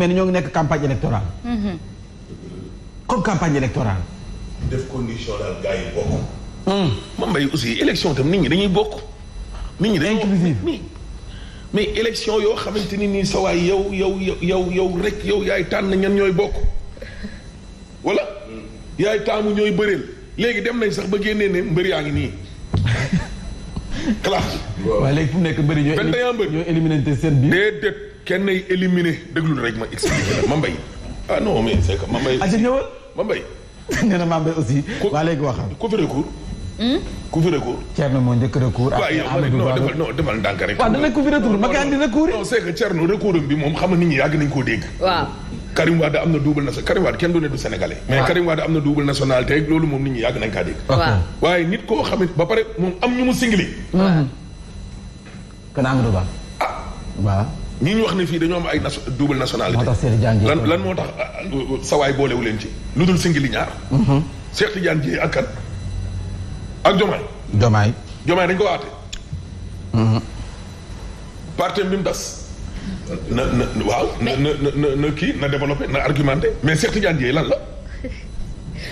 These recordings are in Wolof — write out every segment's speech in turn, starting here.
mais ñoo ngi nekk campagne électorale. Mhm. comme campagne électorale. def condition daal gars yi bokk. Hmm. aussi élection tam nit ñi dañuy bokk. nit ñi dañuy mais élection yoo xamante ni nii sa waay yow yow yow yow rek yow yaay tànn ñan ñooy bokk. wala hmm. yaay taamu ñooy bëri léegi dem nañ sax ba génnee ne mbër yaa ngi nii. classe. waaw léegi fu mu nekk mbëri ñooy. benn ñoo éliminé seen biir kenn ay éliminé déglu rek ma ah waa léegi rek. waaw dana ku fi recours ma hmm? kay andi recours yi. non c'est que Thierno recours bi moom xam nga nit ñi yàgg nañu koo am na double national Karim Wade kenn du ne du sénégalais. mais Karim Wade am na double nationalité rek loolu moom nit ñi yàgg nañ kaa dégg. waaye nit koo xam ba pare moom am ñu mu singili. kon Amadou Ba. ah. ñi ñu wax ne fii dañoo am ay double nationalité lan lan moo tax euh, sawaay boolewu leen ci lu dul singili ñaar mm-hmm. Cheikh Tidiane Dièye ak kan ak Jomaay Jomaay Jomaay dañ ko waate mm-hmm. parti bi das na na waaw na na na kii na développé na argumenté mais Cheikh Tidiane Dièye lan la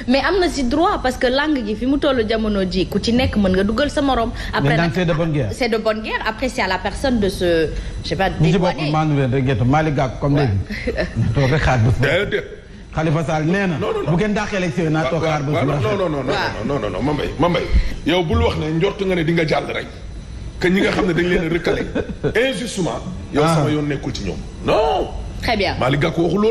mais y droit parce que langue qui fi mu tollu jamono ji ku ci nek nga sa morom. après c'est de bonne guerre. c'est de bonne guerre après c'est à la personne de se je sais pas. di ko wane comme Khalifa non non non non non non non non non non non non non non yow bul wax ne non nga ne di nga non rek. non ñi nga dañ injustement. yow ah. sama ci non. très bien non non waxul non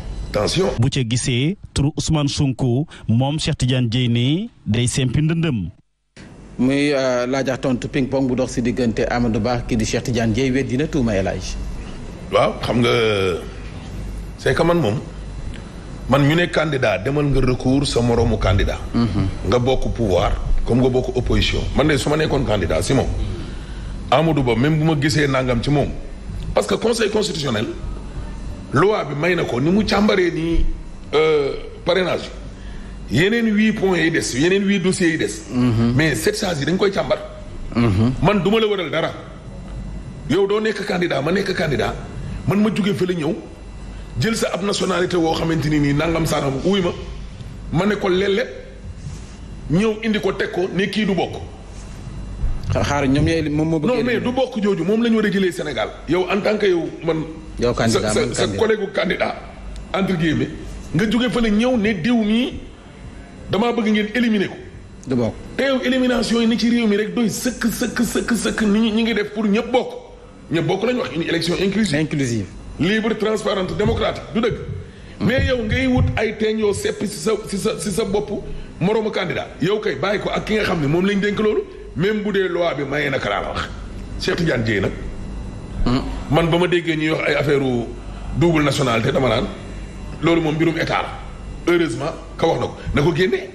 tension bu ci gisee tour Ousmane Sonko mom Cheikh Tidiane djeyni day sempi ndëndëm muy la euh, laajax tontu ping pong bu dox ci digënté Amadou Ba ki di Cheikh Tidiane djey weddi na touma elaj Hadj waaw xam nga c'est comme mom man ñu né candidat demal nga recours sa moromu candidat mhm. nga bokku pouvoir comme nga bokku opposition man né suma ma candidat simon Amadou Ba même buma ma nangam ci mom parce que conseil constitutionnel loi bi may na ko ni mu càmbaree nii euh, parrainage yi yeneen huit points yi des yeneen huit dossiers yi des. Mhm. mais cette charge yi dañ koy càmbar. Mhm. man duma la waral dara. yow doo nekk candidat ma nekk candidat man ma juge fi fële ñëw jël sa ab nationalité woo xamante ni nii nangam saanam uy ma ma ne ko lelle ñëw indi ko teg ko ne kii du bokk. xaar ñoom ñooy moom moo bëgg non mais du bokk jooju moom la ñu a jëlee Sénégal yow en tant que yow man. yow candidat sa sa collègue candidat entre guillemets nga jóge fële ñëw ne diw mii damaa bëgg ngeen éliminer ko. du bokk te yow élimination yi ni ci réew mi rek doy sëkk sëkk sëkk sëkk ni ñu ngi def pour ñëpp bokk ñëpp bokk lañu wax une élection inclusive. inclusive libre transparente démocratique du dëgg. mais yow ngay wut ay teen yoo seppi si sa si sa si sa bopp moroomu candidat yow kay bàyyi ko ak ki nga xam ne moom lañ dénk loolu. même bu dee loi bi maye na ka laa la wax Cheikh Tidiane Dièye nag. man ba ma déggee ñuy wax ay affaire double nationalité dama naan loolu moom mbirum état la heureusement ka wax na ko na ko génnee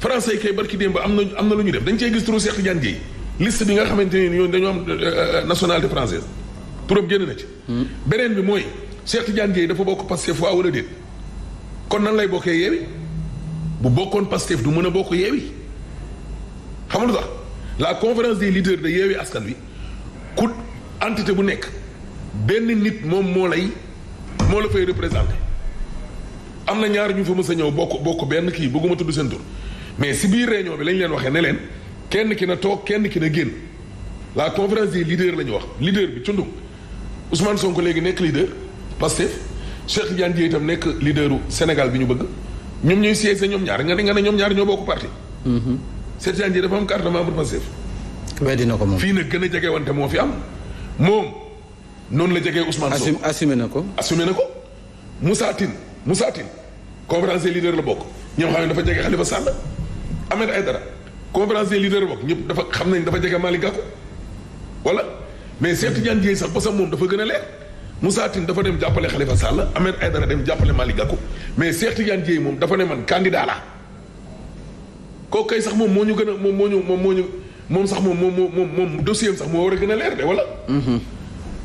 français yi kay barki démb am na am na lu ñu dem dañ cee gis turu Cheikh Tidiane Dièye bi nga xamante ne ñooñu dañoo am euh, euh, nationalité française turam génn na ci. beneen bi mooy Cheikh Tidiane Dièye dafa bokk Pastef waa wala déet kon nan lay bokkee yeewi bu bokkoon Pastef du mën a bokk yeewi xam la conférence des leaders de yewi askan wi ku entité bu nek ben nit mom mo lay mo la fay représenter amna ñaar ñu fa mësa ñew bokk bokk ben ki bëgguma tuddu sen tour mais si biir réunion bi lañ leen waxé ne leen kenn ki na tok kenn ki na genn la conférence des leaders lañ wax leader bi ciundum Ousmane Sonko légui nek leader Pastef Cheikh Diane tam nek leaderu Sénégal bi ñu bëgg ñom ñoy siéssé ñom ñaar nga ne nga ne ñom ñaar ñoo bokk parti hmm Cheikh Tidiane Dièye dafa am carte membre Pastef. weddi na ko moom fii nag gën a jege wante moo fi am moom noonu la jege Ousmane Sow assumé na ko. assume na ko Moussa Tine Moussa Tine conférence la bokk ñoom xam ne dafa jege Khalifa Sall Ahmed Aïdara conférence des leaders ñëpp dafa xam nañ dafa jege Malick Gakou wala mais Cheikh Tidiane Dièye sax parce que moom dafa gën a leer Moussa Tine dafa dem jàppale Khalifa Sall Ahmed Aïdara dem jàppale Malick Gakou mais Cheikh Tidiane Dièye moom dafa ne man candidat la kook kay sax moom moo ñu gën a moom moo ñu moom moom sax moom moom moom moom dossier sax moo war a gën a leer de wala. Mhm.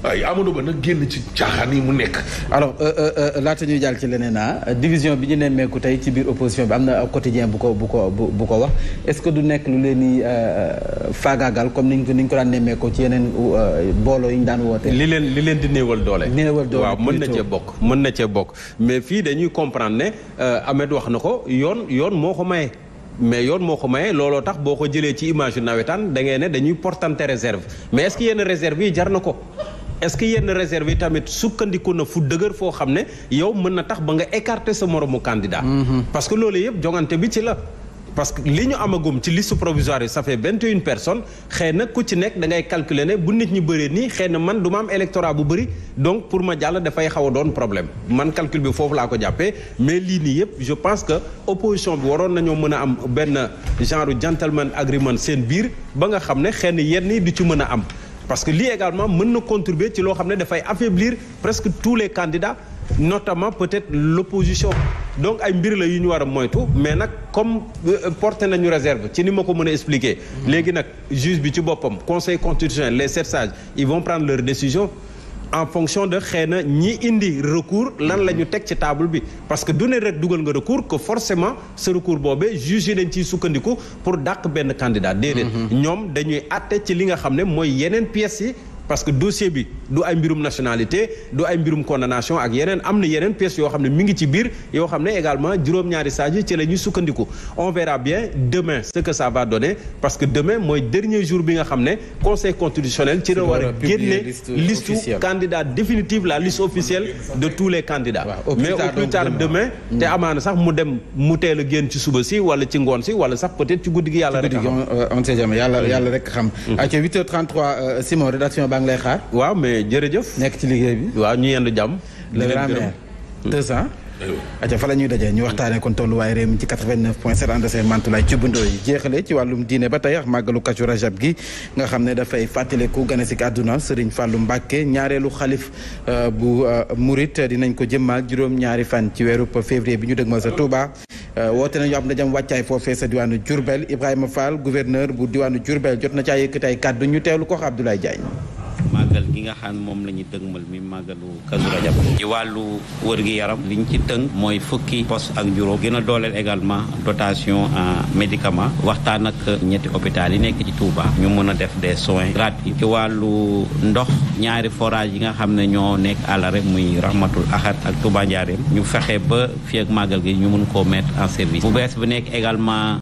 waaye Amadou Ba nag génn ci caaxaan yi mu nekk. alors euh, euh, euh, laata ñuy jàll ci leneen a ah, division bi ñu nemmeeku tey ci biir opposition bi am na quotidien bu ko bu ko bu ko wax est-ce que du nekk lu leen di faagaagal comme niñ ko niñ ko daan nemmeekoo ci yeneen booloo yi ñu daan woote. li leen li leen di néewal doole. néewal doole waaw mën na ee bokk mën na cee bokk mais fii dañuy comprendre ne Ahmed wax na ko yoon yoon moo ko maye. mais yoon moo ko maye looloo tax boo ko jëlee ci image yu nawetaan da dañuy portante réserve mais est-ce que yenn réserve yi jar na ko est-ce que yenn réserve yi tamit sukkandiku na fu dëgër foo xam ne yow mën na tax ba nga écarter sa moromu candidat. Mm-hmm. parce que loolu yëpp jongante bi ci la. parce que li ñu amagum ci liste provisoire yi ça vingt et une personnes xëy na ku ci nekk dangay ngay calculer ne bu nit ñi bëree nii xëy na man du ma am électorat bu bëri donc pour ma jàll dafay xaw a doon problème man calcul bi foofu laa ko jàppee mais lii nii yëpp je pense que opposition bi waroon nañoo mën a am benn genre gentleman agreement seen biir ba nga xam ne xëy na yenn yi du ci mën a am parce que lui également nous na contribuer à affaiblir presque tous les candidats notamment peut-être l'opposition donc il mbir la yu ñu war a moytu mais nag comme euh, porté nañu réserve ci ne sais pas comment expliquer les juges, les bi ci conseil constitutionnel les sept sages ils vont prendre leur décision en fonction de xëy na ñi indi recours lan la ñu teg ci table bi parce que dune rek dugal nga recours que forcément ce recours boobee jugé dañ ciy sukkandiku pour dàq benn candidat déedéet mm-hmm. ñoom dañuy àtte ci li nga xam ne mooy yeneen pièces yi parce que dossier bi du ay mbirum nationalité du ay mbirum condamnation ak yenen am yenen pièce yo xamné xam mi ngi ci bir yo xamné également juróom-ñaari sages ci lañu ñuy sukkandiku on verra bien demain ce que ça va donner parce que demain moy dernier jour bi nga xamné conseil constitutionnel ci la war liste génne listu candidat définitive la liste officielle de tous les candidats mais au plus tard demain té hmm. amana sax mu dem mu teel a ci suba ci wala ci ngone si wala sax peut-être ci goudi gi yalla rek euh, on sait jamais yalla yalla rek xam à hmm. 8h33 euh, Simon rédaction baa ngi lay xaar. waaw mais jërëjëf. nekk ci liggéey bi. waaw ñu yendu jàmm. le grand maire 200. fa la ñuy daje ñu waxtaanee kon tollu waaye mi ci 89 point 7 ànd seen mantulaay ci bundoo yi jeexale ci wàllum diine ba tey ak màggalu Kazu Rajab gi nga xam ne dafay fàttaliku gane si àdduna Serigne fàllu Mbacke ñaareelu xalif euh, bu euh, Murit dinañ ko jëmmal juróom-ñaari fan ci weeru février bi ñu dëgmal sa Touba. Euh, woote nañu am ndajam wàccaay foofee sa diwaanu jurbel Ibrahima Fall gouverneur bu diwaanu Diourbel jot na caa yëkkati ay ñu teewlu ko Abdoulaye Diagne. nga xam moom la ñu dëgmal mi màggalu Kazu Rajab ci wàllu wër gi yaram liñ ci tënk mooy fukki post ak juróom gën a dooleel également dotation en médicament waxtaan ak ñetti hôpital yi nekk ci Touba ñu mën a def des soins gratuits ci wàllu ndox ñaari forage yi nga xam ne ñoo nekk àll rek muy rahmatul ahad ak Touba Ndiarème ñu fexe ba fii ak màggal gi ñu mën koo mett en service bu bees bu nekk également